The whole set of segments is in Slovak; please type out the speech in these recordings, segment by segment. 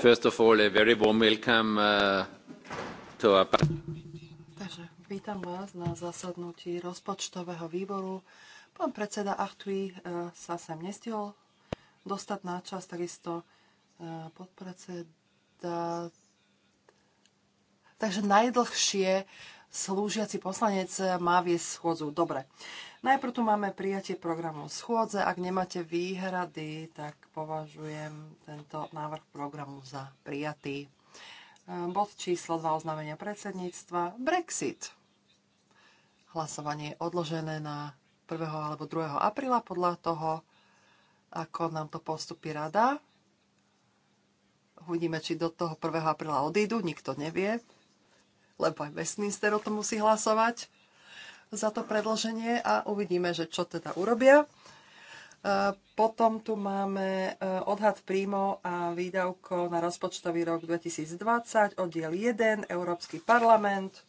First of all, a very warm welcome uh, to our... Takže vítam vás na zasadnutí rozpočtového výboru. Pán predseda Achtui uh, sa sem nestihol dostať na čas, takisto uh, podpredseda. Takže najdlhšie slúžiaci poslanec má viesť schôdzu. Dobre. Najprv tu máme prijatie programu schôdze. Ak nemáte výhrady, tak považujem tento návrh programu za prijatý. E, bod číslo 2 oznámenia predsedníctva. Brexit. Hlasovanie je odložené na 1. alebo 2. apríla podľa toho, ako nám to postupí rada. Uvidíme, či do toho 1. apríla odídu, nikto nevie lebo aj Westminster o tom musí hlasovať za to predloženie a uvidíme, že čo teda urobia. E, potom tu máme e, odhad príjmo a výdavkov na rozpočtový rok 2020, oddiel 1, Európsky parlament.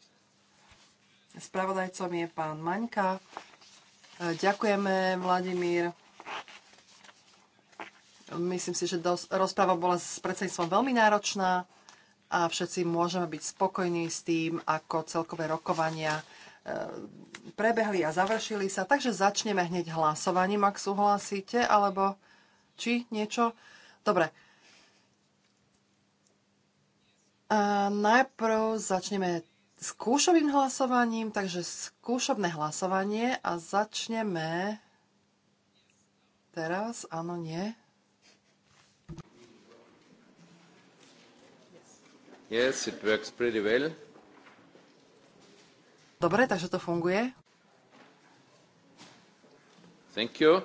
Spravodajcom je pán Maňka. E, ďakujeme, Vladimír. Myslím si, že rozpráva bola s predsedníctvom veľmi náročná a všetci môžeme byť spokojní s tým, ako celkové rokovania e, prebehli a završili sa. Takže začneme hneď hlasovaním, ak súhlasíte, alebo či niečo. Dobre. A e, najprv začneme skúšovým hlasovaním, takže skúšobné hlasovanie a začneme teraz, áno, nie. Yes, it works pretty well. Dobre, takže to funguje. Thank you.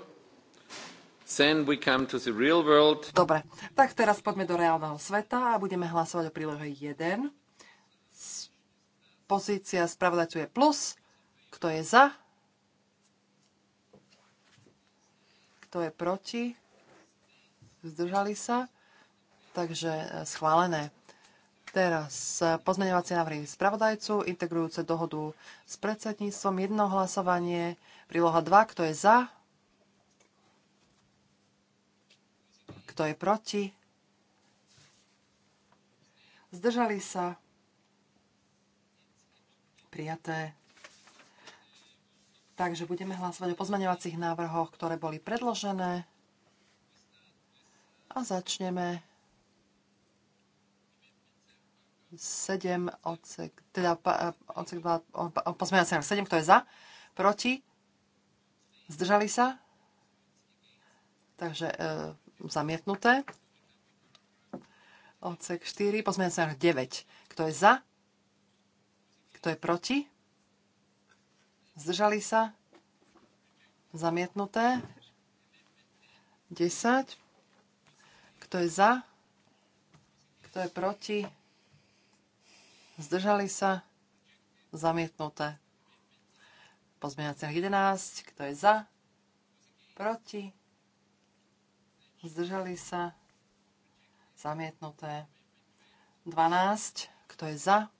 Then we come to the real world. Dobre, tak teraz poďme do reálneho sveta a budeme hlasovať o prílohe 1. Pozícia spravodajcu je plus. Kto je za? Kto je proti? Zdržali sa? Takže e, schválené. Teraz pozmeňovacie návrhy spravodajcu, integrujúce dohodu s predsedníctvom, jedno hlasovanie, príloha 2, kto je za, kto je proti, zdržali sa, prijaté. Takže budeme hlasovať o pozmeňovacích návrhoch, ktoré boli predložené a začneme 7 odsek, teda odsek 2, pozmeňovací návrh 7, kto je za, proti, zdržali sa, takže e, zamietnuté. Odsek 4, pozmeňovací návrh 9, kto je za, kto je proti, zdržali sa, zamietnuté. 10, kto je za, kto je proti, Zdržali sa? Zamietnuté. Pozmeňacia 11. Kto je za? Proti? Zdržali sa? Zamietnuté. 12. Kto je za?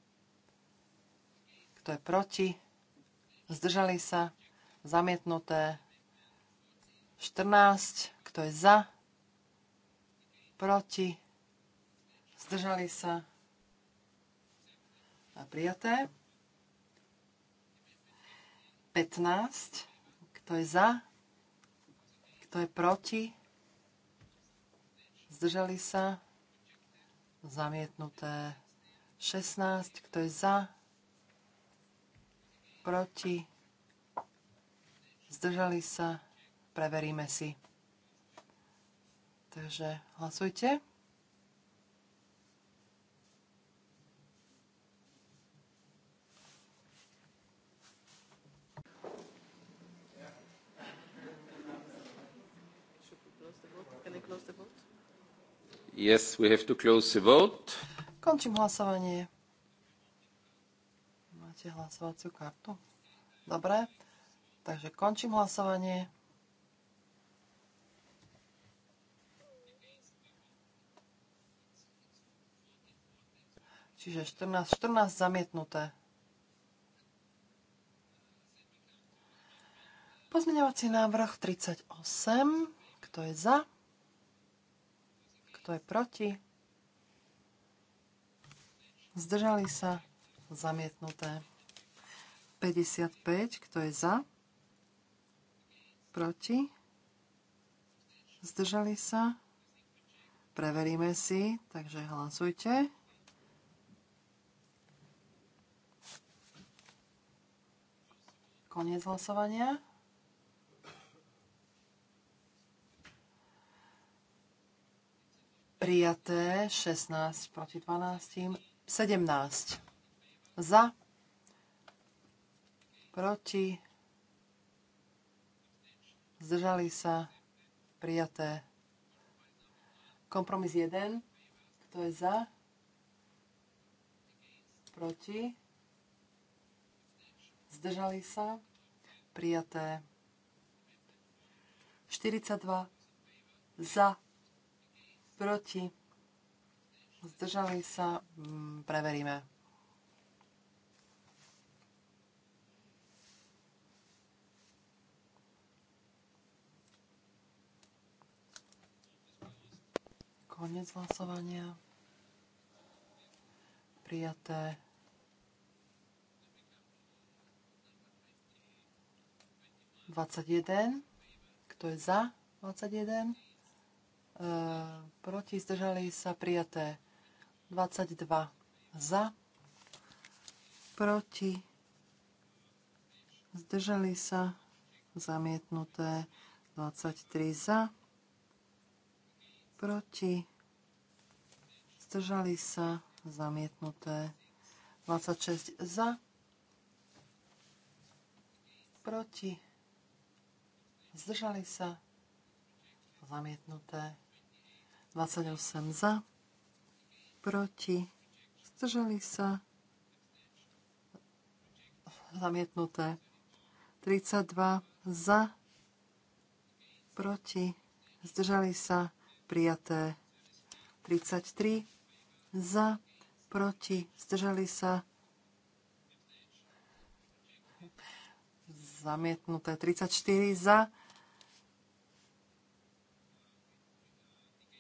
Kto je proti? Zdržali sa? Zamietnuté. 14. Kto je za? Proti? Zdržali sa? Prijaté. 15. Kto je za? Kto je proti? Zdržali sa? Zamietnuté. 16. Kto je za? Proti? Zdržali sa? Preveríme si. Takže hlasujte. Yes, we have to close the vote. Končím hlasovanie. Máte hlasovaciu kartu? Dobre. Takže končím hlasovanie. Čiže 14, 14 zamietnuté. Pozmeňovací návrh 38. Kto je za? Kto je proti? Zdržali sa? Zamietnuté. 55. Kto je za? Proti? Zdržali sa? Preveríme si, takže hlasujte. Koniec hlasovania. prijaté 16 proti 12, 17 za, proti, zdržali sa, prijaté. Kompromis 1, kto je za, proti, zdržali sa, prijaté. 42 za, proti, zdržali sa, mm, preveríme. Konec hlasovania. Prijaté. Dvadsať jeden. Kto je za? Dvadsať jeden. E, proti, zdržali sa prijaté 22 za, proti, zdržali sa zamietnuté 23 za, proti, zdržali sa zamietnuté 26 za, proti, zdržali sa zamietnuté 28 za, proti, zdržali sa, zamietnuté. 32 za, proti, zdržali sa, prijaté. 33 za, proti, zdržali sa, zamietnuté. 34 za,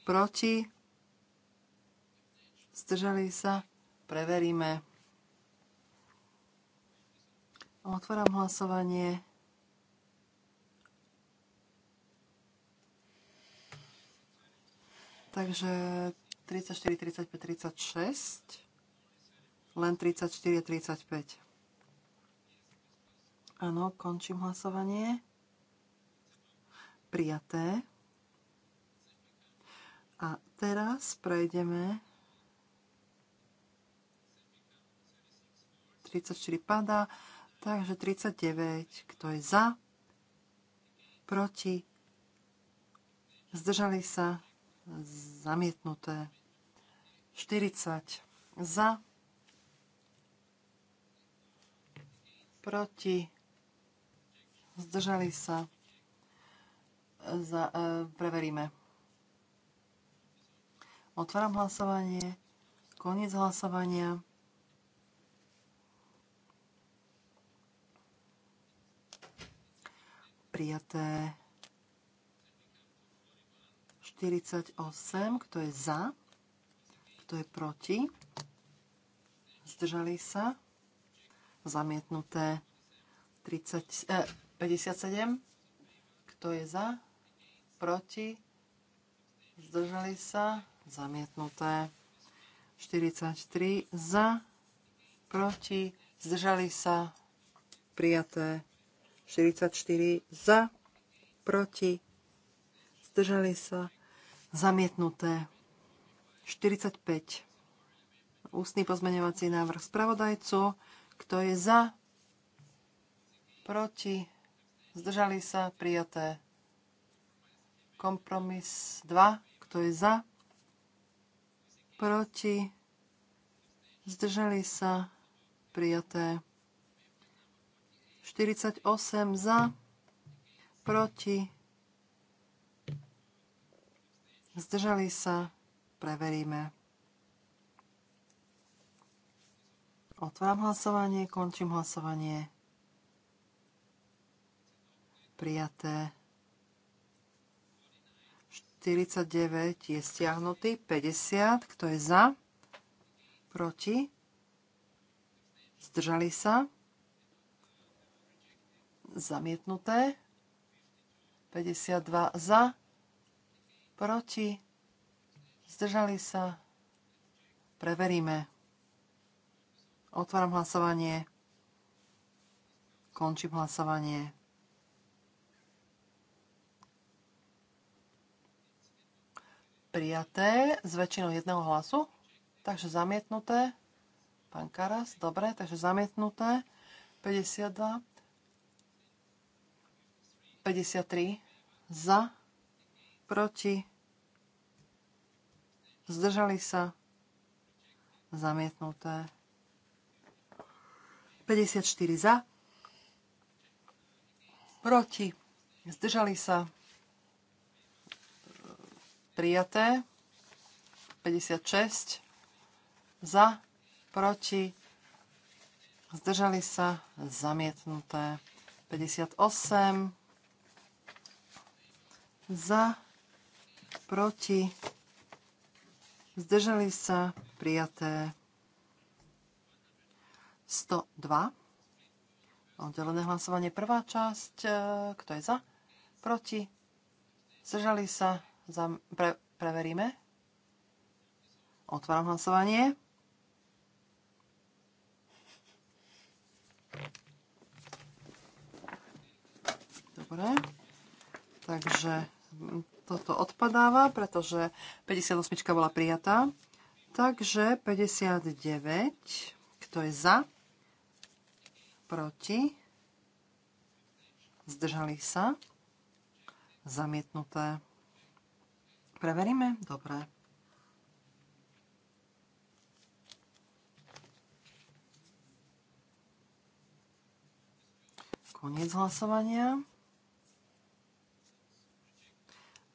proti, zdržali sa, preveríme. Otváram hlasovanie. Takže 34, 35, 36. Len 34 35. Áno, končím hlasovanie. Prijaté. A teraz prejdeme 34 padá, takže 39, kto je za, proti, zdržali sa, zamietnuté, 40 za, proti, zdržali sa, za, e, preveríme. Otváram hlasovanie. Koniec hlasovania. Prijaté 48. Kto je za? Kto je proti? Zdržali sa? Zamietnuté 30, eh, 57. Kto je za? Proti? Zdržali sa? zamietnuté. 43 za, proti, zdržali sa, prijaté. 44 za, proti, zdržali sa, zamietnuté. 45. Ústny pozmeňovací návrh spravodajcu. Kto je za? Proti? Zdržali sa? Prijaté. Kompromis 2. Kto je za? proti, zdržali sa, prijaté. 48 za, proti, zdržali sa, preveríme. Otváram hlasovanie, končím hlasovanie. Prijaté. 49 je stiahnutý. 50, kto je za? Proti? Zdržali sa? Zamietnuté. 52 za? Proti? Zdržali sa? Preveríme. Otváram hlasovanie. Končím hlasovanie. prijaté s väčšinou jedného hlasu, takže zamietnuté. Pán Karas, dobre, takže zamietnuté. 52, 53 za, proti, zdržali sa, zamietnuté. 54 za, proti, zdržali sa, prijaté. 56 za, proti, zdržali sa, zamietnuté. 58 za, proti, zdržali sa, prijaté. 102. Oddelené hlasovanie prvá časť. E, kto je za? Proti? Zdržali sa? Zam, pre, preveríme. Otváram hlasovanie. Dobre. Takže toto odpadáva, pretože 58 bola prijatá. Takže 59, kto je za, proti, zdržali sa, zamietnuté. Preveríme? Dobre. Koniec hlasovania.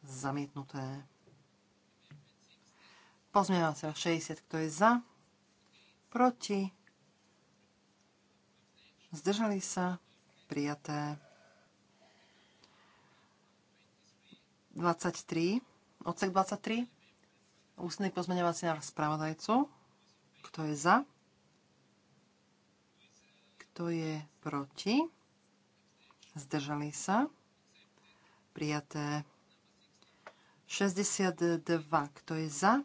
Zamietnuté. Pozmeňovací 60, kto je za? Proti? Zdržali sa? Prijaté. 23. Odsek 23. Ústny pozmeňovací návrh spravodajcu. Kto je za? Kto je proti? Zdržali sa? Prijaté. 62. Kto je za?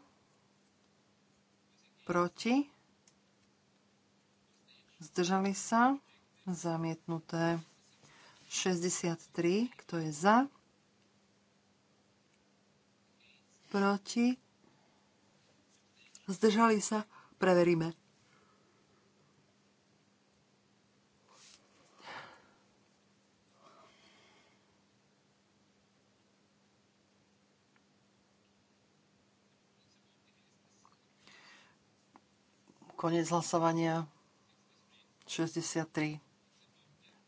Proti? Zdržali sa? Zamietnuté. 63. Kto je za? proti, zdržali sa, preveríme. Konec hlasovania 63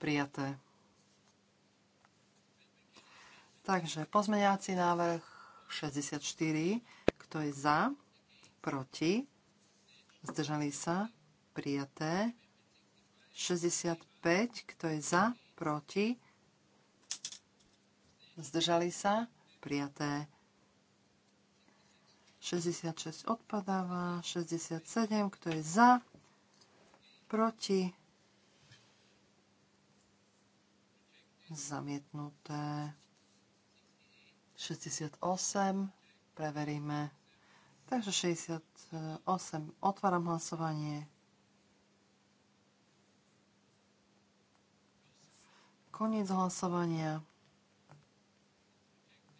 prijaté. Takže pozmeňací návrh 64. Kto je za? Proti? Zdržali sa? Prijaté. 65. Kto je za? Proti? Zdržali sa? Prijaté. 66 odpadáva. 67. Kto je za? Proti? Zamietnuté. 68. Preveríme. Takže 68. Otváram hlasovanie. Koniec hlasovania.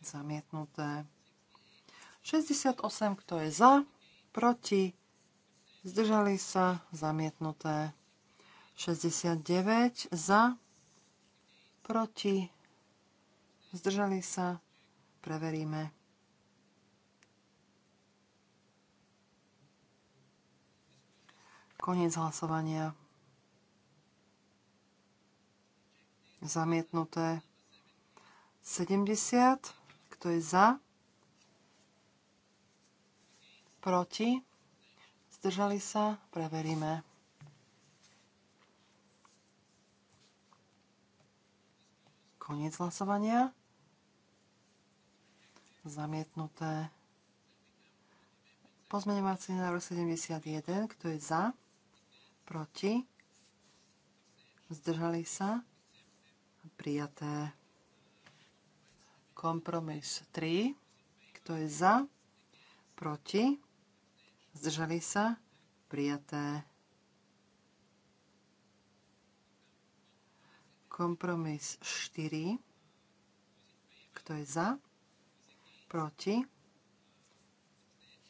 Zamietnuté. 68. Kto je za? Proti? Zdržali sa? Zamietnuté. 69. Za? Proti? Zdržali sa? preveríme. Koniec hlasovania. Zamietnuté. 70. Kto je za? Proti? Zdržali sa? Preveríme. Koniec hlasovania zamietnuté. Pozmeňovací návrh 71, kto je za, proti, zdržali sa, prijaté. Kompromis 3, kto je za, proti, zdržali sa, prijaté. Kompromis 4, kto je za, proti,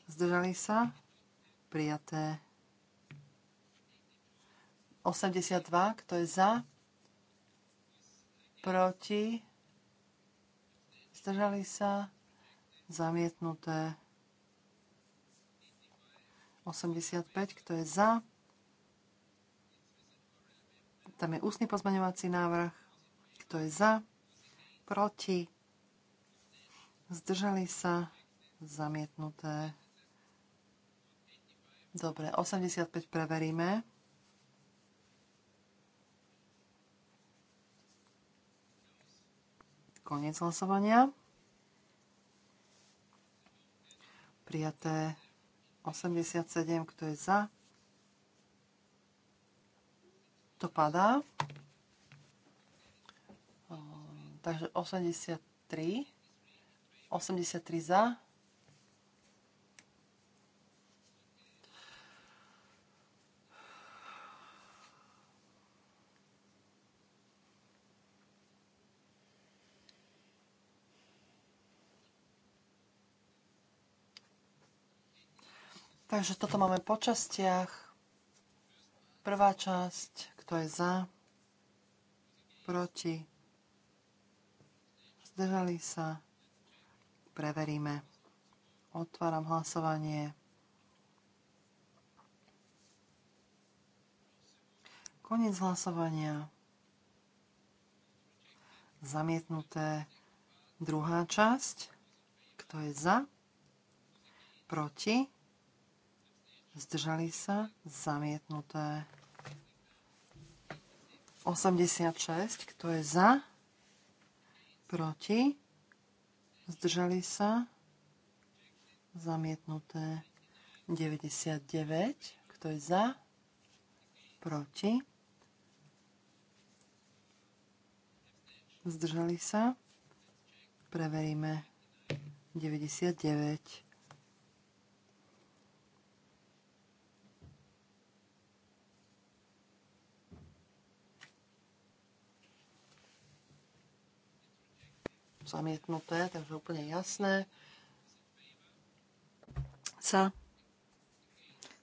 zdržali sa, prijaté. 82, kto je za, proti, zdržali sa, zamietnuté. 85, kto je za, tam je ústny pozmaňovací návrh, kto je za, proti, Zdržali sa zamietnuté. Dobre, 85 preveríme. Koniec hlasovania. Prijaté 87, kto je za? To padá. Ehm, takže 83. 83 za. Takže toto máme po častiach. Prvá časť, kto je za, proti, zdržali sa, preveríme. Otváram hlasovanie. Koniec hlasovania. Zamietnuté druhá časť. Kto je za? Proti? Zdržali sa? Zamietnuté. 86. Kto je za? Proti? zdržali sa, zamietnuté 99, kto je za, proti, zdržali sa, preveríme 99. zamietnuté, takže úplne jasné. Za,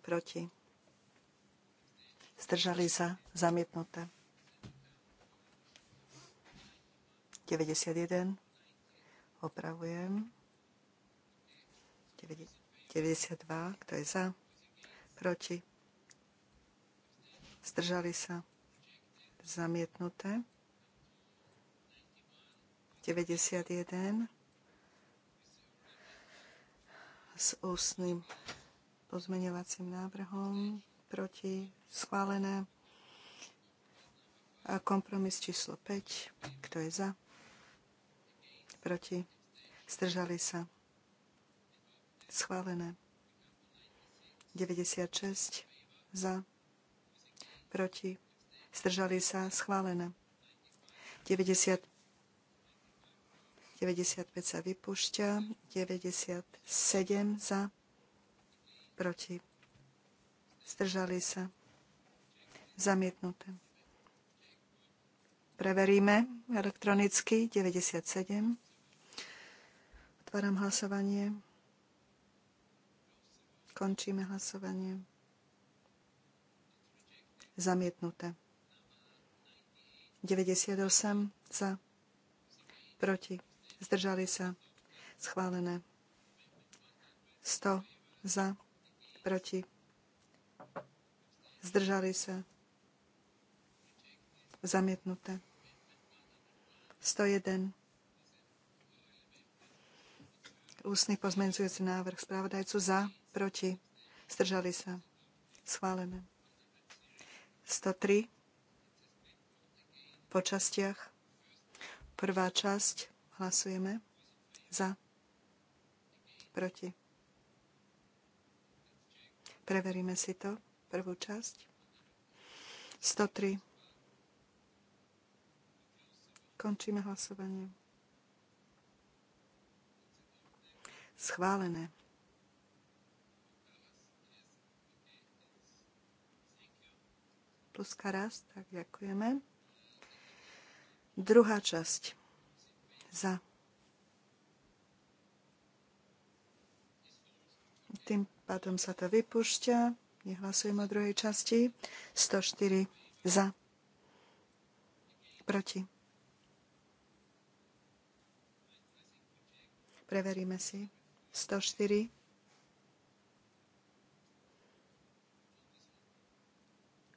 proti, zdržali sa, zamietnuté. 91, opravujem. 92, kto je za, proti, zdržali sa, zamietnuté. 91 s ústnym pozmeňovacím návrhom proti schválené. A kompromis číslo 5. Kto je za? Proti? Stržali sa? Schválené. 96. Za? Proti? Stržali sa? Schválené. 95 95 sa vypúšťa, 97 za, proti, zdržali sa, zamietnuté. Preveríme elektronicky 97. Otváram hlasovanie. Končíme hlasovanie. Zamietnuté. 98 za. Proti zdržali sa, schválené. 100 za, proti, zdržali sa, zamietnuté. 101. Ústny pozmenzujúci návrh správodajcu za, proti, zdržali sa, schválené. 103 po častiach. Prvá časť Hlasujeme za, proti. Preveríme si to, prvú časť. 103. Končíme hlasovanie. Schválené. Pluska raz, tak ďakujeme. Druhá časť za. Tým pádom sa to vypúšťa. Nehlasujem o druhej časti. 104 za. Proti. Preveríme si. 104.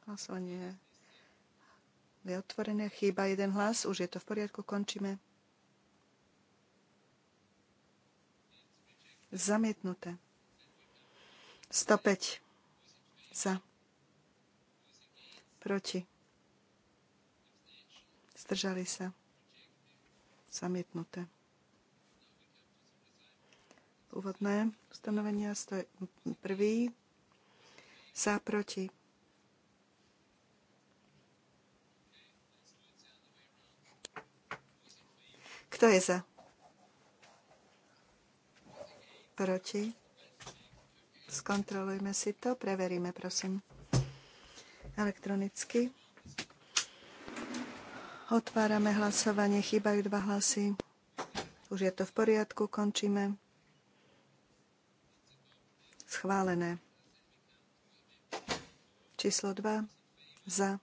Hlasovanie je otvorené. Chýba jeden hlas. Už je to v poriadku. Končíme. Zamietnuté. 105 za. Proti. Zdržali sa. Zamietnuté. Úvodné ustanovenia, stoj, prvý, za, proti. Kto je za? proti. Skontrolujme si to, preveríme, prosím. Elektronicky. Otvárame hlasovanie, chýbajú dva hlasy. Už je to v poriadku, končíme. Schválené. Číslo 2. Za.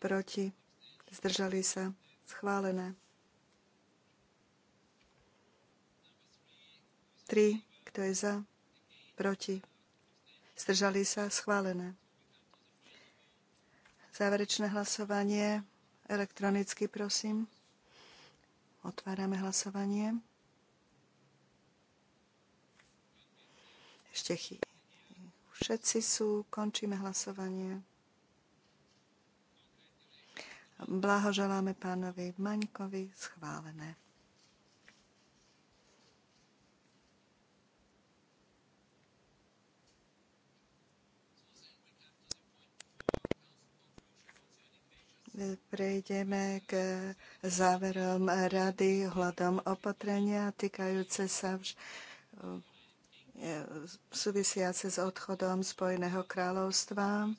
Proti. Zdržali sa. Schválené. 3. Kto je za? Proti? Zdržali sa? Schválené. Záverečné hlasovanie. Elektronicky, prosím. Otvárame hlasovanie. Ešte chýba. Všetci sú. Končíme hlasovanie. Blahoželáme pánovi Maňkovi. Schválené. prejdeme k záverom rady hľadom opatrenia týkajúce sa vž- e, súvisiace s odchodom Spojeného kráľovstva. E,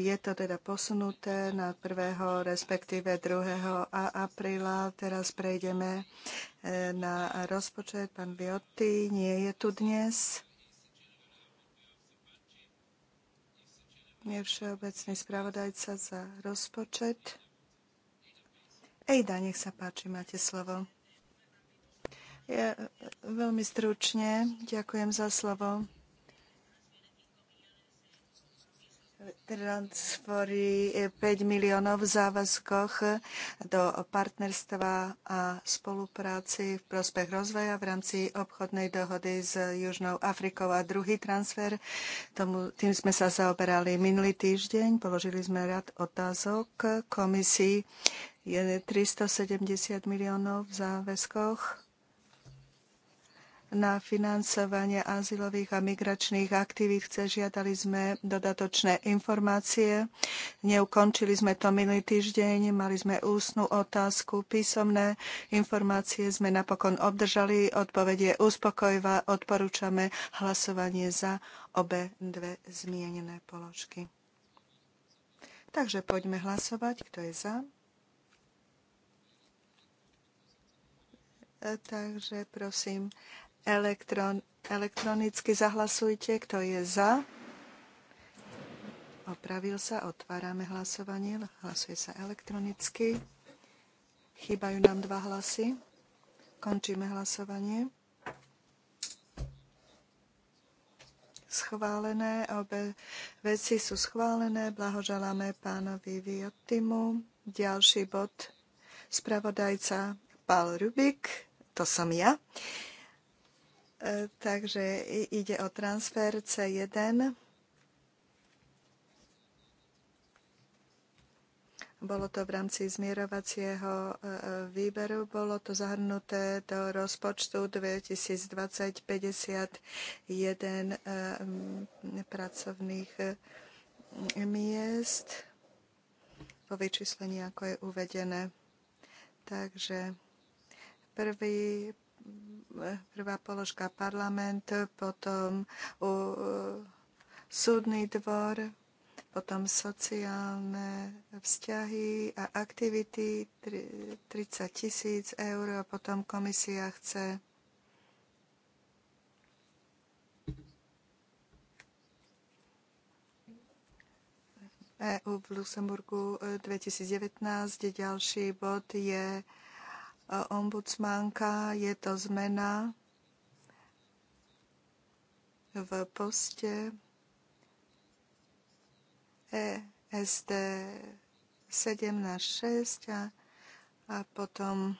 je to teda posunuté na 1. respektíve 2. apríla. Teraz prejdeme e, na rozpočet. Pán Viotti nie je tu dnes. je všeobecný spravodajca za rozpočet. Ejda, nech sa páči, máte slovo. Ja e, veľmi stručne ďakujem za slovo. transfery 5 eh, miliónov v záväzkoch do partnerstva a spolupráci v prospech rozvoja v rámci obchodnej dohody s Južnou Afrikou a druhý transfer. Tomu, tým sme sa zaoberali minulý týždeň. Položili sme rad otázok komisii. Je 370 miliónov v záväzkoch na financovanie azylových a migračných aktivít. Chce, žiadali sme dodatočné informácie. Neukončili sme to minulý týždeň, mali sme ústnu otázku, písomné informácie sme napokon obdržali. Odpoveď je uspokojivá. Odporúčame hlasovanie za obe dve zmienené položky. Takže poďme hlasovať. Kto je za? E, takže prosím, Elektron, elektronicky zahlasujte, kto je za. Opravil sa, otvárame hlasovanie, hlasuje sa elektronicky. Chýbajú nám dva hlasy. Končíme hlasovanie. schválené, obe veci sú schválené. Blahoželáme pánovi Viotimu. Ďalší bod, spravodajca Pál Rubik, to som ja. E, takže ide o transfer C1. Bolo to v rámci zmierovacieho e, e, výberu, bolo to zahrnuté do rozpočtu 2020 51 pracovných miest po vyčíslení, ako je uvedené. Takže prvý, prvá položka parlament, potom súdny dvor, potom sociálne vzťahy a aktivity 30 tisíc eur a potom komisia chce EU v Luxemburgu 2019. E, Ďalší bod je ombudsmanka. Je to zmena v poste EST 7 na 6 a, a potom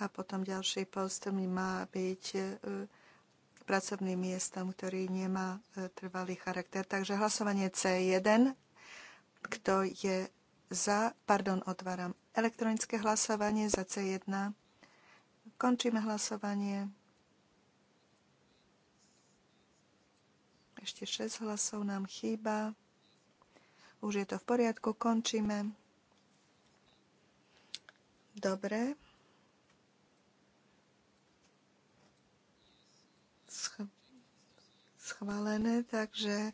a potom ďalší post mi má byť e, pracovným miestom, ktorý nemá e, trvalý charakter. Takže hlasovanie C1. Kto je za, pardon, otváram elektronické hlasovanie za C1. Končíme hlasovanie. Ešte 6 hlasov nám chýba. Už je to v poriadku, končíme. Dobre. schválené, takže e,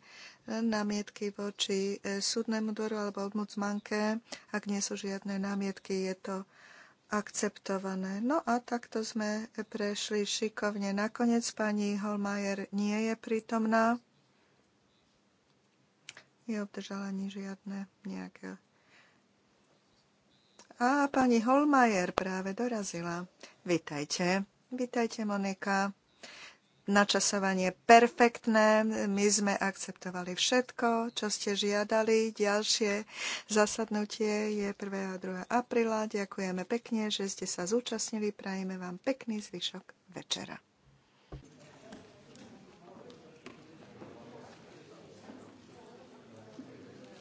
námietky voči e, súdnemu dvoru alebo obmudzmanke, ak nie sú žiadne námietky, je to akceptované. No a takto sme prešli šikovne. Nakoniec pani Holmajer nie je prítomná. obdržala ani žiadne nejaké. A pani Holmajer práve dorazila. Vítajte, vítajte Monika načasovanie perfektné. My sme akceptovali všetko, čo ste žiadali. Ďalšie zasadnutie je 1. a 2. apríla. Ďakujeme pekne, že ste sa zúčastnili. Prajeme vám pekný zvyšok večera.